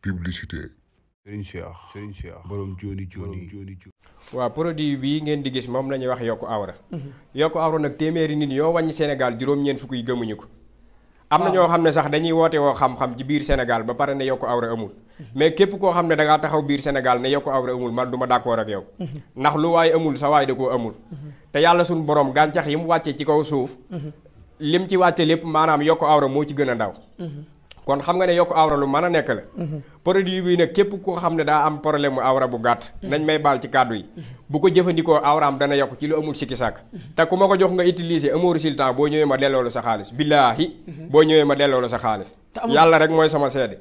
publicité. Serigne Cheikh Serigne Cheikh borom jooni jooni jooni. waaw produit bii ngeen di gis moom la ñuy wax yokk awra. yokku awra nag téeméeri nit yoo wàññi senegal juróom-ñeent fukk yi gëmuñu ko. am na ñoo xam ne sax dañuy woote woo xam-xam ci biir senegal ba pare ne yokk awra amul. mais képp koo xam ne da ngaa taxaw biir senegal ne yokku awra amul man du ma ak yow. ndax lu waay amul sa waay da koo amul. Mhm. te yàlla suñu borom gàncax yi mu wàccee ci kaw suuf. Mhm. lim ci wàcce lépp maanaam yokk awra moo ci gën a ndaw kon xam nga ne yokk awra lu mën a nekk la produit bi nag képp koo xam ne daa am problème mu awra bu gàtt nañ may baal ci kàddu yi bu ko jëfandikoo awraam dana yokk ci lu amul sikki sàkk te ku ma ko jox nga utiliser amoo résultat boo ñëwee ma delloo la sa xaalis billaahi boo ñëwee ma delloo la sa xaalis yàlla rek mooy sama seede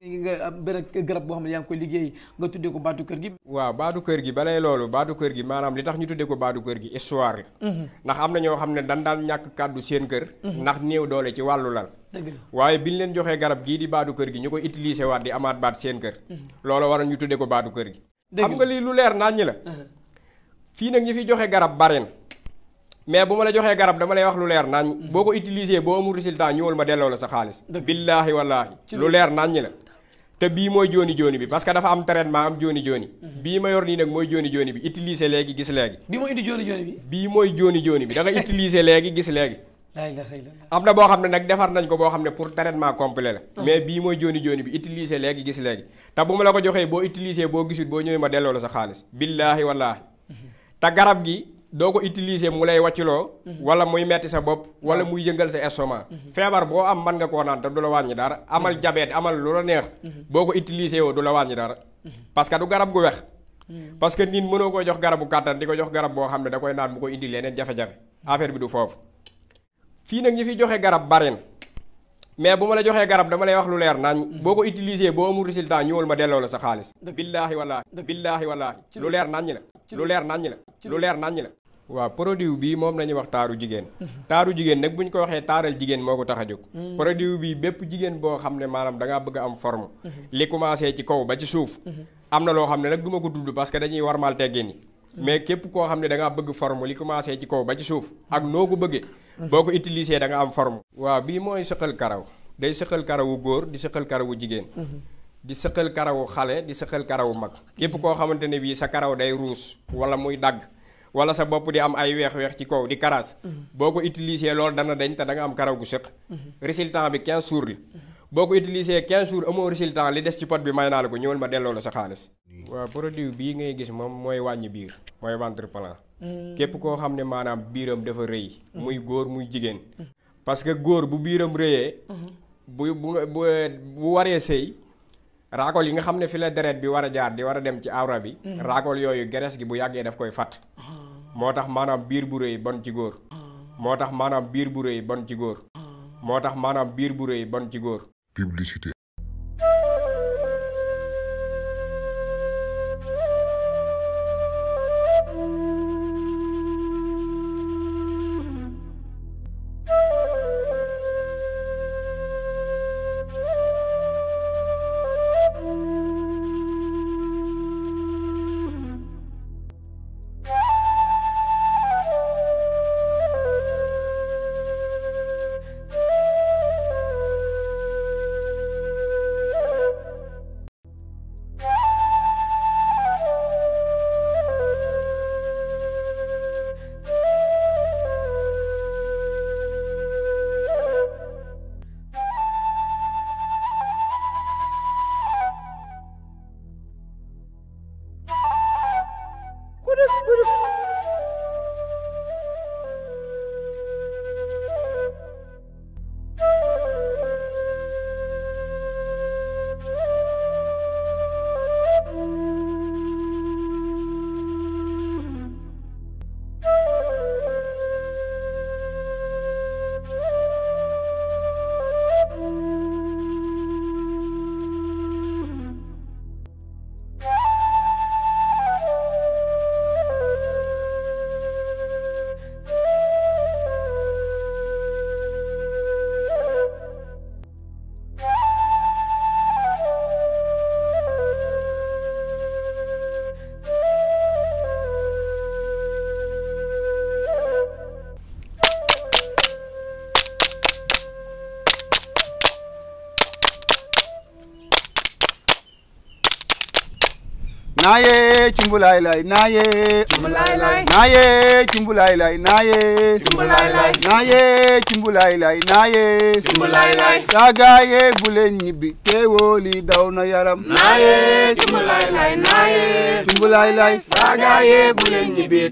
nga benn garab boo xam ne yaa ngi koy liggéey nga tuddee ko baatu kër gi. waaw baatu kër gi balay loolu baatu kër gi maanaam li tax ñu tuddee ko baatu kër gi histoire la. Mhm. ndax am na ñoo xam ne dan daan ñàkk kàddu seen kër. Mhm. ndax néew doole ci wàllu lal. waaye bi ñu leen joxee garab gii di baatu kër gi ñu ko utiliser waat di amaat baat seen kër. Mhm. loolu waral ñu tuddee ko baatu kër gi. xam nga lii lu leer nañ la. fii nag ñu fi joxe garab bare na mais bu ma la joxee garab dama lay wax lu leer nañ boo ko utiliser boo amul résultat ñëwal ma delloo la sa xaalis. billaahi wallaahi lu leer nañ la te bii mooy jooni jooni bi parce que dafa am traitement am jooni jooni bii ma yor nii nag mooy jooni jooni bi utiliser léegi gis léegi bii mooy indi jooni jooni bi bii mooy jooni jooni léegi gis léegi am na boo xam ne nag defar nañ ko boo xam ne pour traitement complet la ah. mais bii mooy jooni jooni bi utiliser léegi gis léegi te bu ma la ko joxee boo utiliser boo gisul boo ñëwee ma delloo la sa xaalis billaahi wallaahi te garab gi doo ko utiliser mu lay wàcciloo mhm. wala muy metti sa bopp wala muy yëngal sa estomac mhm. feebar boo am man nga koo naan te la wàññi dara amal diabète mhm. amal lu la neex boo ko utiliser woo du la wàññi dara parce que du garab gu wex parce que nit mënoo koo jox garabu kàttan di ko jox garab boo xam ne da koy naan mu ko indi leneen jafe-jafe affaire bi du foofu fii nag ñi fi joxe garab bari mais bu ma la joxee garab dama lay wax lu leer naañ boo ko utiliser boo amul résultat ñëwal ma delloo la sa xaalis billahi wallahi billahi wallahi lu leer la ci lu leer naññ la ci lu leer naññ la waaw produit bii moom la ñuy wax taaru jigéen taaru jigéen nag bu ñu ko waxee taaral jigéen moo ko tax a jóg hmm. produit bii bépp jigéen boo xam ne maanaam da bëgg am form hmm. li commencé ci kaw ba ci suuf hmm. am na loo xam ne nag du ko tudd parce que dañuy warmal teggin yi mais képp koo xam ne da bëgg forme li commencé ci kaw ba ci suuf ak noo ko bëggee boo ko utilisé da nga am form waaw bii mooy sëqal karaw day sëqal karawu góor di sëqal karawu jigéen di sëqal karawu xale di sëqal karawu mag képp koo xamante ne bii sa karaw day ruus wala muy dagg wala sa bopp di am ay weex-weex ci kaw di karaas boo ko utilisé loolu dana dañ te danga am karaw gu sëq résultat bi 15 jours la boo ko utilisé 15 jours amoo résultat li des ci pot bi may naa la ko ñëwal ma delloo la sa xaalis waaw produit bii ngay gis moom mooy wàññi biir mooy ventre plan mm. képp koo xam ne maanaam biiram dafa rëy mm. muy góor muy jigéen mm. parce que góor bu biiram rëyee mm-hmm. bu bu bu waree sëy raakool yi nga xam ne fi la deret bi war a jaar di war a dem ci awra bi raakool yooyu gerees gi bu yàggee daf koy fàtt moo tax maanaam biir bu rëy bon ci góor moo tax maanaam biir bu rëy bon ci góor moo tax maanaam biir bu rëy bon ci góor आए naye lay naye cumbulay lay naye cumbulay lay naye cumbulay lay naye na yaram naye cumbulay lay naye lay saagaye bu leen ñibbi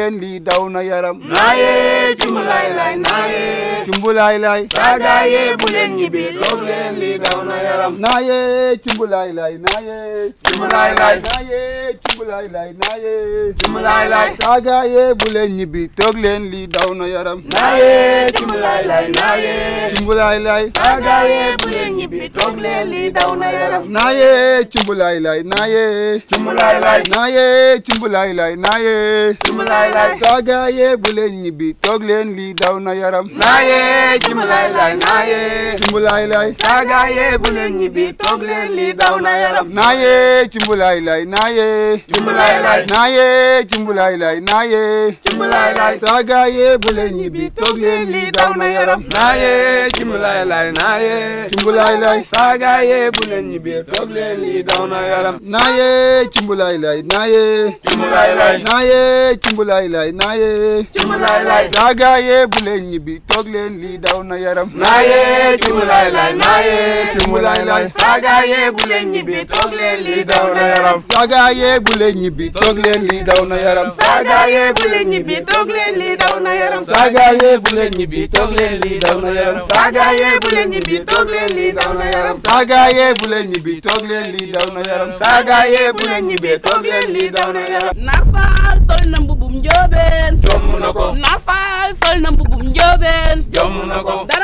yaram li daw yaram naye cumbulaay laay naayee. cumbulaay laay. saagaayee bu leen ñibbi toog leen li daw na yaram. naayee cumbulaay laay naayee. cumbulaay laay naayee cumbulaay laay naayee. cumbulaay laay. saagaayee bu leen ñibbi toog leen li daw na yaram. naayee cumbulaay laay naayee. cumbulaay laay. saagaayee bu leen ñibbi toog leen li daw na yaram. naayee cumbulaay laay naayee. cumbulaay laay. naayee cumbulaay laay naayee. cumbulaay laay. saagaayee bu leen ñibbi toog leen lii daw na yaram naaye jimbulaay laay naaye jimbulaay laay saagaaye bu leen ñibbi toog leen lii daw na yaram naaye jimbulaay laay naaye jimbulaay laay naaye jimbulaay laay naaye jimbulaay laay saagaaye bu leen ñibbi toog leen lii daw na yaram naaye jimbulaay laay naaye jimbulaay laay saagaaye bu leen ñibbi toog leen lii daw na yaram naaye jimbulaay laay naaye jimbulaay laay naaye jimbulaay laay naaye jimbulaay laay gaayee bu leen ñibbi toog leen lii daw na yaram. naayee ci mu laay laay naayee ci mu laay laay. saa gaayee bu leen ñibbi toog leen lii daw na yaram. saa gaayee bu leen ñibbi toog leen lii daw na yaram. saa gaayee bu leen ñibbi toog leen lii daw na yaram. saa gaayee bu leen ñibbi toog leen lii daw na yaram. saa gaayee bu leen ñibbi toog leen lii daw na yaram. saa gaayee bu leen ñibbi toog leen lii daw na yaram. saa gaayee bu leen ñibbi toog leen lii daw na yaram. Nafaal sol na mbubum njoobeen. jomm na ko Nafaal. njaay sol na mbubum njóobeen jomm na ko sol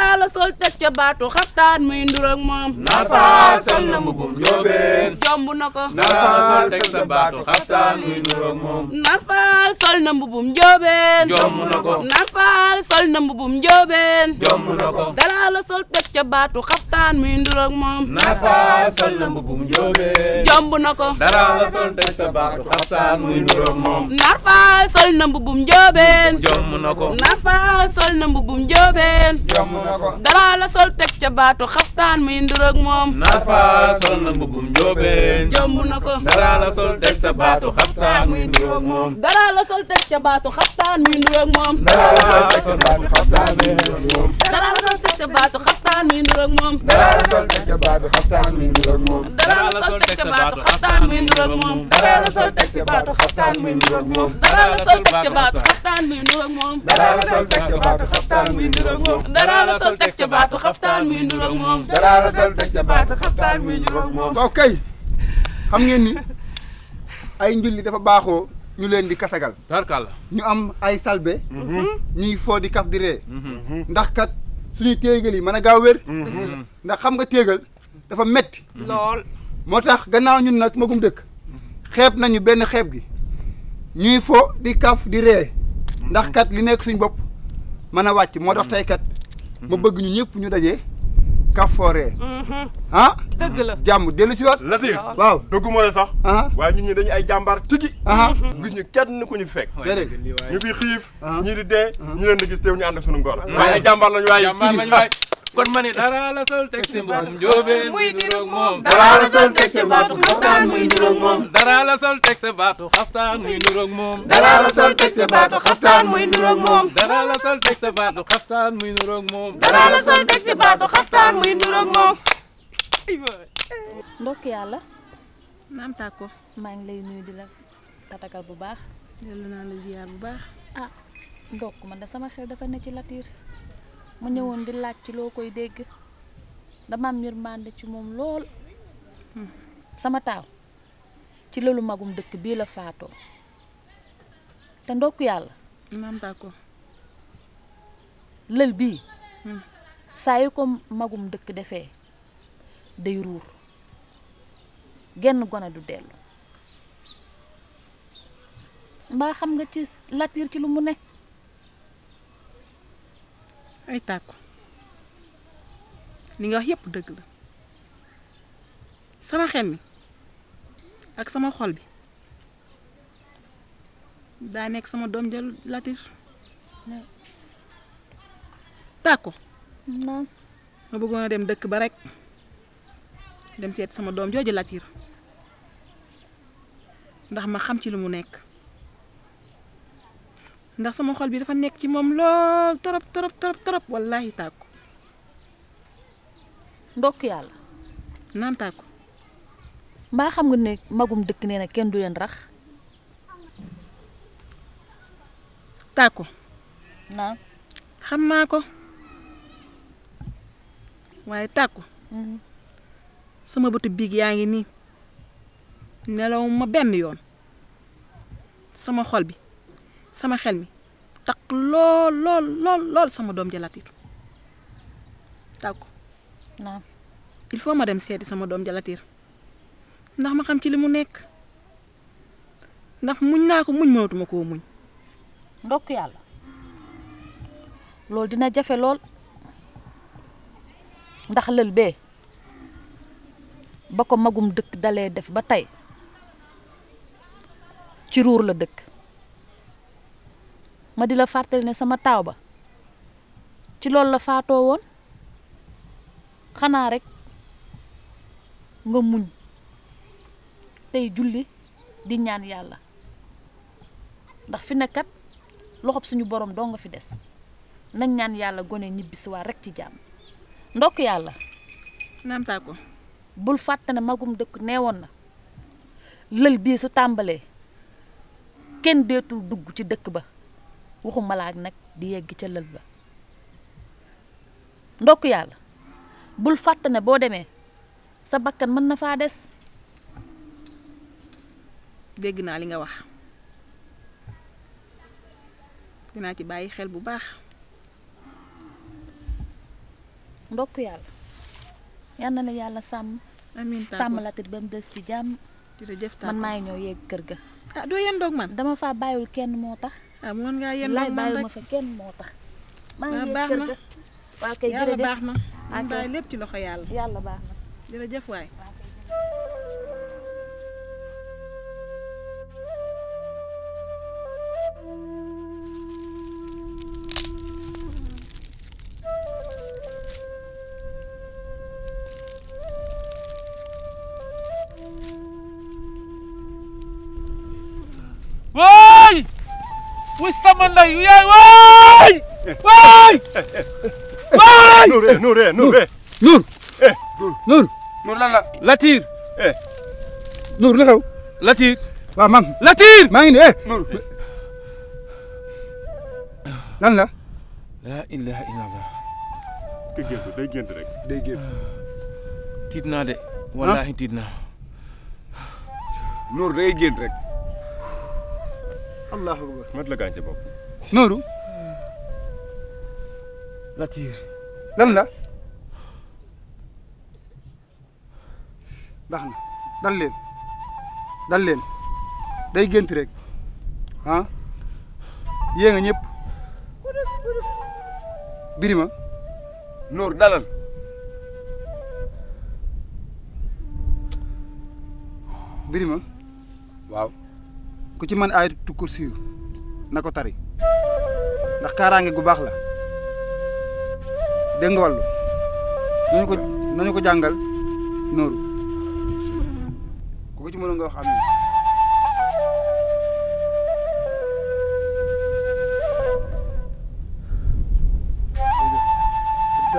na mbubum njóobeen jomb na ko sol sa baatu na mbubum njóobeen ko nafa baatu xaftaan muy ndurak moom jomb na faal sol na mbubum njóobeen yomb na ko dara la sol teg ca baatu xaftaan muy nduroog moom na faal sol na mbubum njóobeen yomb na ko dara la sol teg ca baatu xaftaan muy nduroog moom dara la sol teg ca baatu xaftaan muy nduroog moom dara la sol teg ca baatu xaftaan muy nduroog moom dara la sol teg ca baatu xaftaan muy nduroog moom dara la sol teg ca baatu xaftaan muy nduroog moom dara la sol teg ca baatu xaftaan muy nduroog moom dara la sol teg ca baatu xaftaan muy nduroog moom dara la sol teg ca baatu xaftaan muy nduroog moom sol teg ca baatu xaftaan muy niroog moom. dara la sol teg ca baatu xaftaan muy niroog moom. waaw kay xam ngeen ni ay njulli dafa baaxoo ñu leen di kasagal. tarkal ñu am ay salbe. ñuy foo di kaf di ree. ndax kat suñu téegal yi mën a gaaw wér. ndax xam nga téegal dafa metti lool moo tax gannaaw ñun nag magum dëkk. xeeb nañu benn xeeb gi. ñuy fo di kaf di ree. ndax kat li nekk suñ bopp mën a wàcc moo tax mm-hmm. tey kat mm-hmm. ma bëgg ñu ñëpp ñu dajee kafoore mm-hmm. ah dëgg la jàmm dellu si waat Latif waaw dëgguma la sax ah. waaye ñun ñi dañu ay jàmbaar tigi ah. gis ñu kenn ku ñu fekk ñu fi xiif ah. ñi di dee ñu leen di gis teew ñu ànd ak sunu ngor waaye ay jàmbaar lañu waaye kon ma ne dara la sol teg ci mbootum njóobeen muy niroog moom dara la sol teg ci baatu xaftaan muy niroog moom dara la sol teg ci baatu xaftaan muy niroog moom dara la sol teg ci baatu xaftaan muy niroog moom dara la sol teg ci baatu xaftaan muy niroog moom ndokk yàlla naam tàkko maa ngi lay nuyu di la tatakal bu baax dellu naa la ziar bu baax ah ndokk man da sama xel dafa ne ci Latir ma ñëwoon di laaj ci loo koy dégg dama am yërmande ci moom lool hmm. sama taaw ci lalu magum dëkk bii la faatoo te ndokk yàlla maam ko lël bii hmm. saa yu ko magum dëkk defee day ruur genn gone du dellu mbaa xam nga ci latiir ci lu mu ne ay tàkku li nga wax yépp dëgg la sama xel mi ak sama xol bi daa nekk sama doom jël latir tàkko ma bëggoon dem dëkk ba rekk dem seet sama doom jooju latir ndax ma xam ci lu mu nekk ndax sama xol bi dafa nekk ci moom lool torop torop torop torop wallaahi tàkku ndokk yàlla naan tàkku mbaa xam nga ne magum dëkk nee nag kenn du leen rax tàkku naa xam naa ko waaye tàkku mhm. sama bëtu biig yaa ngi nii nelaw ma benn yoon sama xol bi sama xel mi taq lool lool lool sama doom ja Latir tàkku il faut ma dem seeti sama doom ja ndax ma xam ci li mu nekk ndax muñ naa ko muñ mënatuma muñ ndokk yàlla loolu dina jafe lool ndax lël bee ba ko magum dëkk dalee def ba tey ci ruur la dëkk ma di la fàttali ne sama taaw ba ci loolu la faatoo woon xanaa rekk nga muñ tey julli di ñaan yàlla ndax fi nekkat loxob suñu boroom doo nga fi des nañ ñaan yàlla gone ñibbi rekk ci jàmm ndokk yàlla naamtaa bul fàtte magum dëkk neewoon na lël bii su tàmbalee kenn deetul dugg ci dëkk ba waxumala ak nag di yegg ca lël ba ndokk yàlla bul fàtt ne boo demee sa bakkan mën na faa des bégg naa li nga wax dinaa ci bàyyi xel bu baax ndokk yàlla yal na la yàlla sàmm amiin sàmm la te ba mu des ci jàmm man maay ñëw yegg kër ga ah doo yendoog man dama faa bàyyiwul kenn moo tax ah mën ngaa yem lay bàyyi ma fa kenn moo tax. maa ah, baax na waaw kay jërëjëf yàlla baax na. bàyyi lépp ci loxo yàlla. yàlla baax na jërëjëf waay. Ui saman la yu ya Wai Wai Wai Nur eh Nur eh Nur eh Nur Eh Nur Nur Nur lan la Latir Eh Nur la xew Latir waaw man Latir maa ngi ni eh Nur lan la la ilaha illallah ki gént day gént rek day gént tiit naa de wallaahi tiit naa Nur day gént rek allahu akbar mat la gaañ ci bopp. lan la. baax leen dal leen day gént rek ah yée nga ñëpp birima nooru dalal birima waaw ku ci mën ayatu tukkur siiw nako tari ndax karange gu bax la de ngol nañu ko nañu ko jangal nooru ku ci mënu nga wax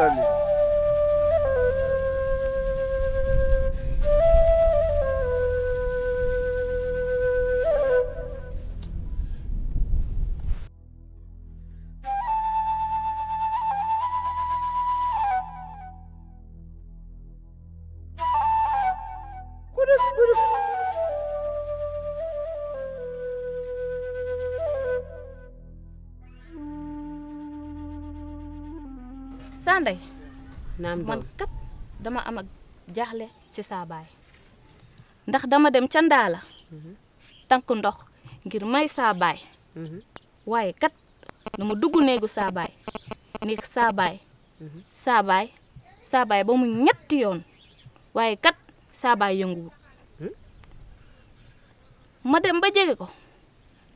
am you. ndey naam man kat dama am ak jaaxle si sa bay ndax dama dem ca ndaala mhm. tank ndox ngir may saa baay mhm. waye kat numu duggu negu sa bay ni sa bay mhm. baay saa baay saa baay ba mu yoon waye kat saa baay yënguwut hmm? ma dem ba jege ko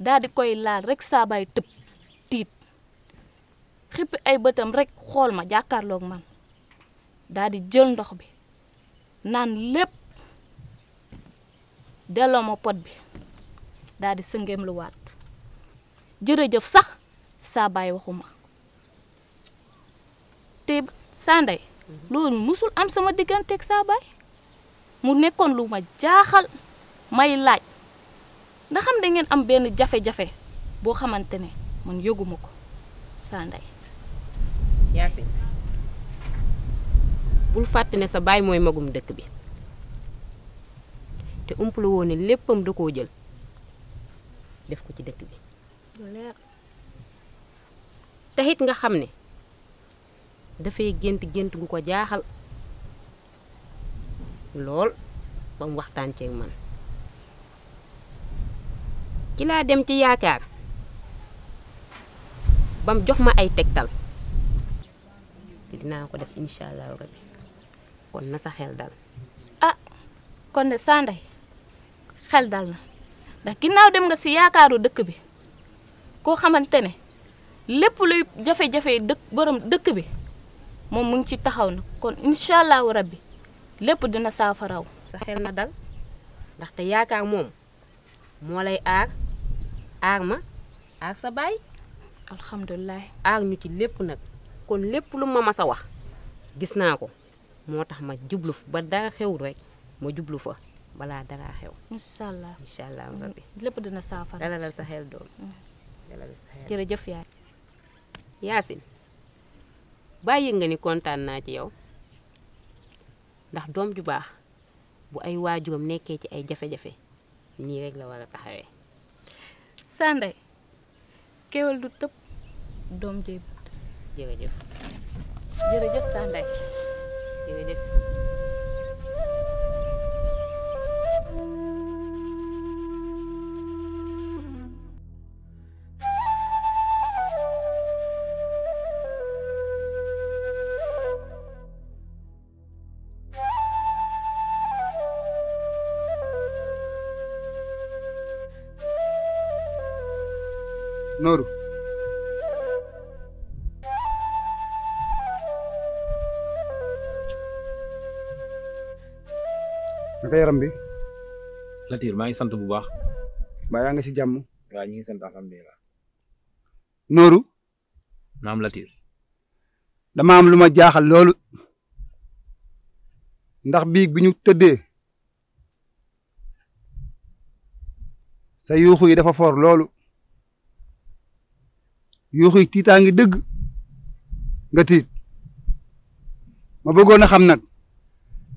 dal di koy laal rek sa bay tepp tit xippi ay bëtam rek xool ma jàkkaarloog man daal di jël ndox bi nan lépp delloo ma pot bi daal di sëngeem lu waat jërëjëf sax saa bàyyi waxuma te saa mhm. musul am sama digganteeg saa baay mu nekkoon lu ma jaaxal may laaj ndax xam da ngeen am benn jafe-jafe boo xamante ne man yëguma ko Yacine bul fàtte ne sa baay mooy magum dëkk bi te umpale woo ne léppam da koo jël def ko ci dëkk bi taxit nga xam ne dafay gént gént gu ko jaaxal lool ba waxtaan ceeg man kilaa dem ci yaakaar bam jox ma ay tegtal te dinaa ko def incha allahu kon na sa xel dal. ah kon de sanday xel dal na ndax ginnaaw dem nga si yaakaaru dëkk bi koo xamante ne lépp luy jafe-jafe dëkk borom dëkk bi moom mu ngi ci taxaw na kon incha allahu rabi lépp dina saafaraw. sa xel na dal ndaxte yaakaar moom moo lay aar aar ma aar sa baay. alhamdulilah aar ñu ci lépp nag. kon lépp lu ma masa wax gis naa ko moo tax ma jublu ba dara xew rek ma jublu fa balaa dara xew. incha allah incha allah mm-hmm. rabbi lépp dina saafara dalalal sa xel doom mm-hmm. dalalal sa yaay. Yacine bàyyi nga ni kontaan naa ci yow ndax doom ju baax bu ay waajuram nekkee ci ay jafe-jafe nii rek la war a taxawee. Sanday kéwél du tëb doom jéem. jërëjëf jërëjëf sax noru naka bi Latir ma ngi sant bu baax ba ya nga si jamu, waa ñi ngi sant alhamdulilah noru naam Latir dama am luma jaaxal lolu ndax biig bi ñu tëddee sa yuxu yi dafa for lolu yuxu yi titangi deug nga tit ma bëggoon xam nak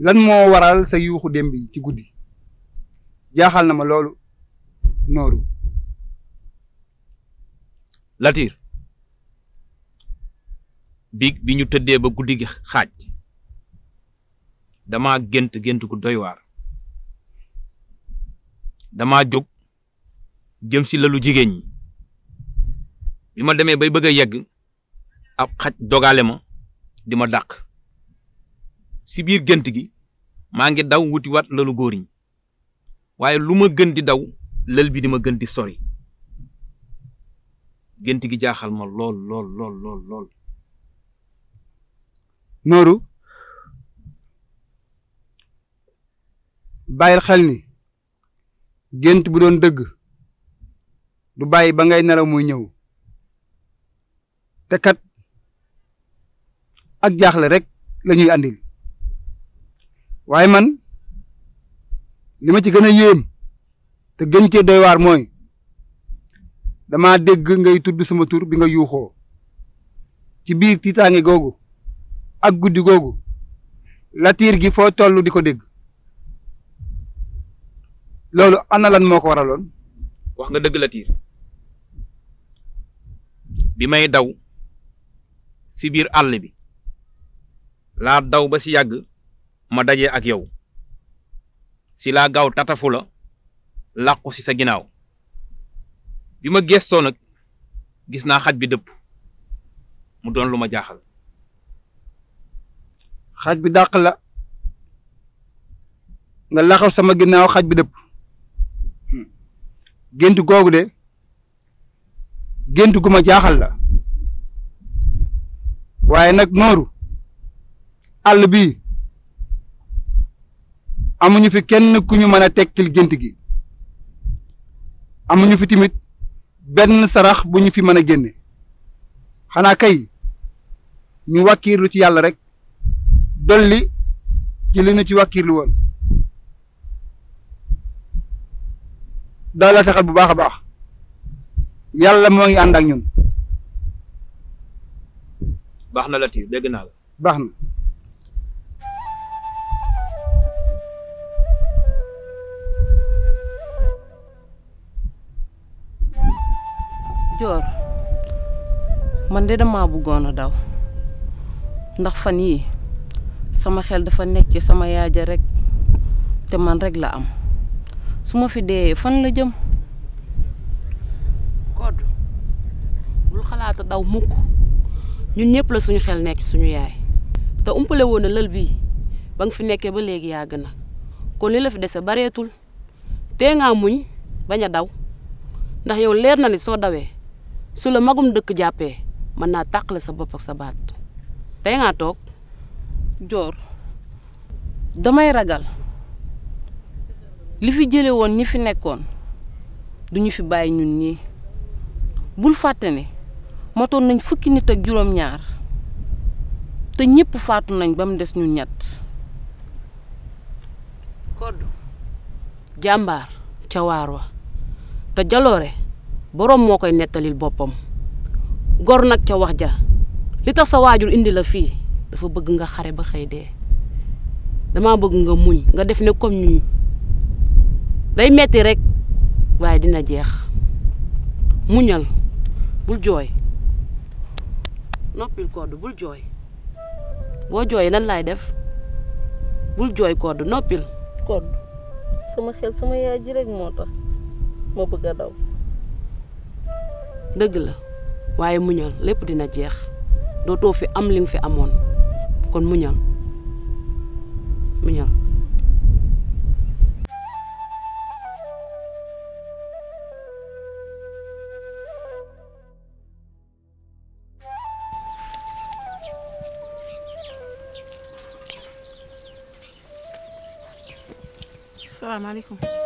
lan moo waral sa yuuxu démb yi ci guddi jaaxal na ma loolu nooru Latir bi bi ñu tëddee ba guddi gi xaaj dama gént gént gu doy waar dama jóg jëm si lalu jigéen ñi bi ma demee bay bëgg a yegg ab xaj dogale ma di ma dàq si biir gënt gi maa ngi daw wuti wat lalu góoriñ waaye lu ma gën di daw lël bi di ma gën di sori gënt gi jaaxal ma lool lool lool lool lool nooru bàyyil xel ni gént bu doon dëgg du bàyyi ba ngay nelaw muy ñëw te kat ak jaaxle rek lañuy andil waye man lima ci gëna yëm te gën ci doy war moy dama dégg ngay tudd sama tour bi nga yuuxoo ci biir tiitaange gogu ak gogu la latiir gi fo tollu di dégg lolu ana lan moko waralon wax nga dëgg bi may daw ci biir all bi la daw ba ci yagg ma daje ak yow si laa gaaw tatafula la làqu si sa ginnaaw bi ma gestoo nag gis naa xaj bi dëpp mu doon lu ma jaaxal xaj bi dàq la nga laxaw sama ginnaaw xaj bi dëpp gént googu de gént gu ma jaaxal la waaye nag nooru àll bi amuñu fi kenn ku ñu mën a tekkil gént gi amuñu fi tamit benn sarax bu ñu fi mën a génne xanaa kay ñu wàkkiirlu ci yàlla rek dolli ci li ñu ci wàkkiirlu woon daal la taxal bu baax a baax yàlla moo ngi ànd ak ñun. na la. baax Joor man de damaa bëggoon a daw ndax fan yii sama xel dafa nekk ci sama yaaja rekk te man rekk la am su ma fi dee fan la jëm Codou lu xalaata daw mukk ñun ñëpp la suñu xel nekk suñu yaay te umpale woon na lël bii ba nga fi nekkee ba léegi yàgg na kon li la fi dese bareetul tee ngaa muñ bañ a daw ndax yow leer na ni soo dawee su la magum dëkk jàppe mën naa tàqale sa bopp sa baat tey ngaa toog joor damay ragal li fi jële woon ñi fi nekkoon duñu fi bàyyi ñun ñii bul fàtte ne motoon nañ fukki nit ak juróom-ñaar te ñépp faatu nañ ba mu des ñu ñett kodd jàmbaar ca waar wa te jaloore borom mo koy netalil bopam gor nak ca wax ja li tax sa wajur indi la fi dafa bëgg nga xaré ba xey dé dama bëgg nga muñ nga def né comme ñun day metti rek way dina jeex muñal bul joy nopil kodd bul joy bo joy lan lay def bul joy kodd nopil kodd sama xel sama yaaji rek moo ma bëgg daw deug la waye muñal lepp dina jeex dootoo fi am ling fi amone kon muñal muñal Assalamualaikum.